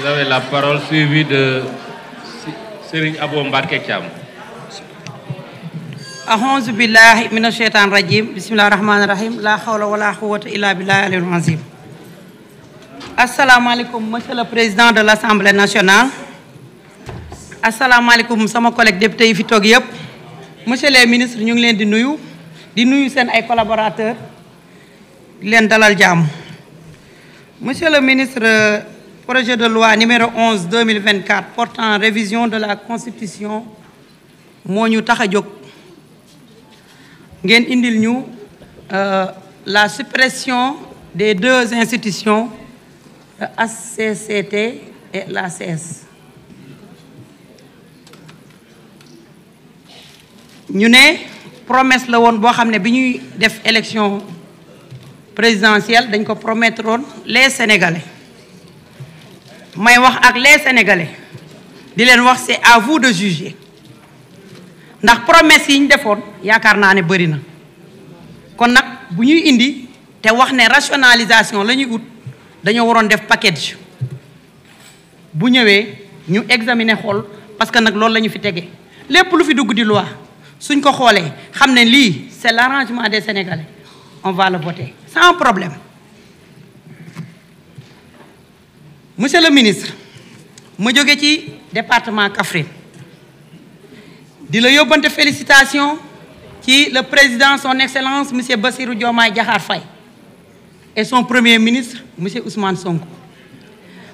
Vous avez la parole suivie de Serigne Abo Mbarke Thiam. Ahonzu billahi mina shaytan rajim bismillahi rahmani rahim la hawla wala quwwata illa billahi aliyul azim. asalaamaaleykum monsieur le président de l'Assemblée nationale. asalaamaaleykum sama collègue député yi fi toog yëpp. monsieur les ministres ñu ngi leen di nuyu. di nuyu seen ay collaborateurs. di leen dalal jàmm. monsieur le ministre. projet de loi numéro 11 2024 portant révision de la constitution moo ñu tax a jóg ngeen indil ñu euh, la suppression des deux institutions la HCCT et la ñu ne promesse la woon boo xam ne bi ñuy def élection présidentielle dañ ko promettre woon les sénégalais may wax ak les sénégalais di leen wax c'est à vous de juger ndax promesse yi ñu defoon yaakaar naa ne bëri na kon nag bu ñuy indi te wax ne rationalisation la ñuy ut dañoo waroon def package bu ñëwee ñu examiner xool parce que nag loolu la ñu fi tege lépp lu fi dugg di loi suñ ko xoolee xam ne lii c'est l'arrangement des sénégalais on va le voter sans problème. monsieur le ministre ma jóge ci département Kaffrine di la yóbbante félicitation ci le président son excellence monsieur Bassirou Diomaye Diakhar Faye et son premier ministre monsieur Ousmane Sonko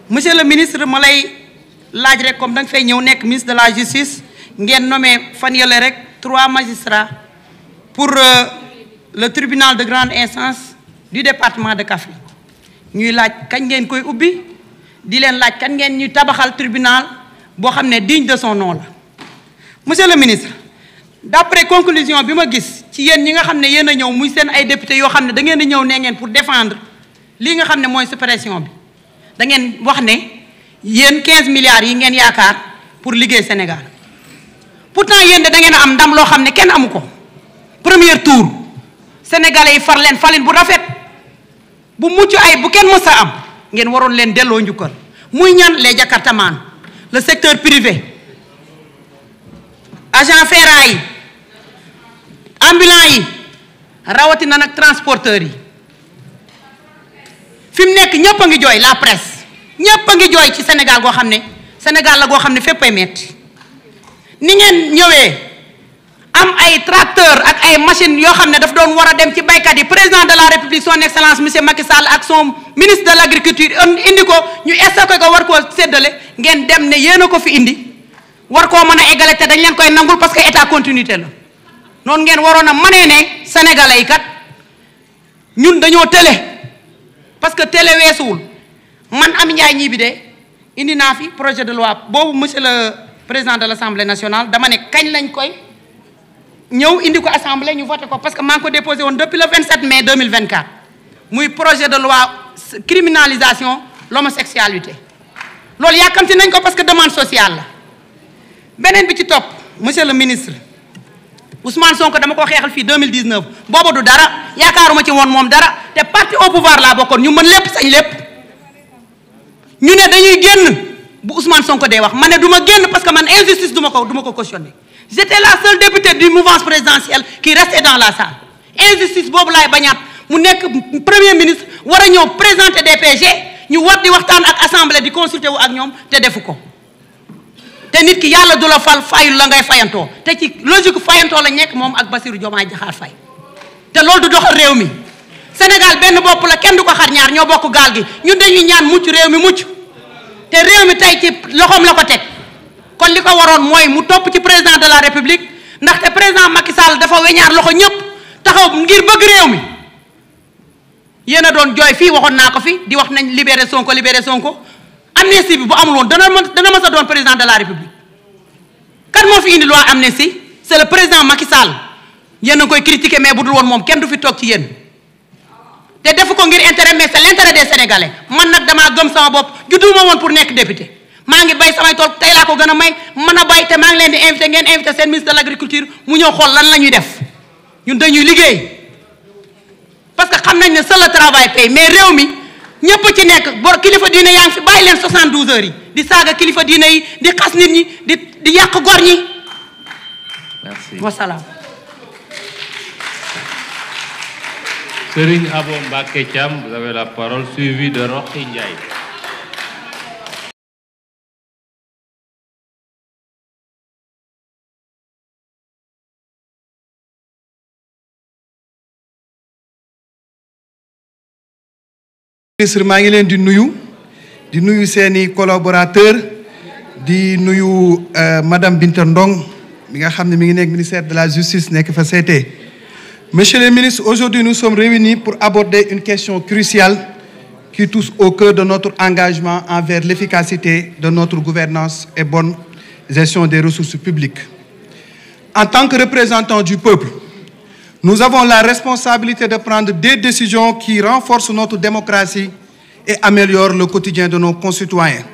monsieur le ministre ma lay laaj rek comme da nga fay ñëw nekk ministre de la justice ngeen nommé fan yële rek trois magistrats pour euh, le tribunal de grande instance du departement de Kaffrine ñuy laaj kañ ngeen koy ubbi di leen laaj kan ngeen ñuy tabaxal tribunal boo xam ne diñ de son nom la monsieur le ministre d'après conclusion bi ma gis ci yéen ñi nga xam ne yéen a ñëw muy seen ay député yoo xam ne da ngeen a ñëw nee ngeen pour défendre lii nga xam ne mooy suppression bi da ngeen wax ne yéen 15 milliards yi ngeen yaakaar pour liggéey Sénégal pourtant yéen de da ngeen a am ndam loo xam ne kenn amu ko premier tour sénégalais yi far leen falin bu rafet bu mucc ay bu kenn mës a am. ngeen waroon leen delloo njukkal muy ñan lee jakartaman le secteur privé agent ferraille yi ambulant yi rawatina nag transporteurs yi fi mu nekk ñëpp a ngi jooy la presse ñëpp a ngi jooy ci Sénégal goo xam ne Sénégal la goo xam ne féppay metti ni ngeen ñëwee am ay tracteur ak ay machine yoo xam ne daf doon war a dem ci baykat yi président de la république son excellence monsieur Macky Sall ak son ministre de l' agriculture indi ko ñu stocké ko war koo séddale ngeen dem ne yéen a ko fi indi war koo mën a égale te dañ leen koy nangul parce que état continuité la noonu ngeen waroon a mënee ne sénégalais yi kat ñun dañoo télé parce que télé weesuwul man am njaay ñii bi de indi naa fi projet de loi boobu monsieur le président de l' assemblée nationale dama ne kañ lañ koy ñëw indi ko assemblée ñu voté ko parce que maa ngi ko déposé woon depuis le mai 2024 muy projet de loi criminalisation l'homosexualité loolu yàkkamti nañ ko parce que demande sociale la beneen bi ci topp monsieur le ministre Ousmane Sonko dama ko xeexal fii 2019 booba du dara yaakaaruma ci woon moom dara te parti au pouvoir laa bokkoon ñu mën lépp sañ lépp ñu ne dañuy génn bu Ousmane Sonko dee wax ma ne du ma génn parce que man injustice du ma ko du ma ko cautionné j'étais la seule députée du mouvance présidentielle qui restait dans la salle injustice boobu laay bañaat mu nekk premier ministre war a ñëw présenter DPG ñu war di waxtaan ak assemblée di consulter wu ak ñoom te defu ko te nit ki yàlla du la fal fayul la ngay fayantoo te ci logique fayantoo la nekk moom ak basiru jomaa Diakhar fay te loolu du doxal réew mi Sénégal benn bopp la kenn du ko xar ñaar ñoo bokk gaal gi ñun dañuy ñaan mucc réew mi mucc te réew mi tey ci loxoom la ko teg kon li ko waroon mooy mu topp ci président de la république ndaxte président Macky Sall dafa weñaar loxo ñëpp taxaw ngir bëgg réew mi yéen a doon jooy fii waxoon naa ko fi di wax nañ libéré Sonko libéré Sonko amnistie bi bu amul woon dana mën dana mës doon président de la république kan moo fi indi loi amnistie c'est le président Macky Sall yéen a koy critiquer mais bu dul woon moom kenn du fi toog ci yéen te defu ko ngir intérêt mais c'est l'intérêt de sénégalais man nag damaa gëm sama bopp judduma woon pour nekk député maa ngi bay samay tool tey laa ko gën a may mën a bay te maa leen di invité ngeen invité seen de l'agriculture mu ñëw xool lan la ñuy def ñun dañuy liggéey xam nañ ne seul le travail mais réew mi ñëpp ci nekk kilifa diine yaa ngi fi bàyyi leen yi di saaga kilifa diine yi di xas nit ñi di yàq gor ñi. ministre maa ngi leen di nuyu di nuyu seeni collaborateur di nuyu euh, madame Binta Ndong mi nga xam ne mi ngi nekk ministère de la justice nekk fa seete monsieur le ministre aujourd'hui nous sommes réunis pour aborder une question cruciale qui touche au cœur de notre engagement envers l'efficacité de notre gouvernance et bonne gestion des ressources publiques en tant que représentant du peuple Nous avons la responsabilité de prendre des décisions qui renforcent notre démocratie et améliorent le quotidien de nos concitoyens.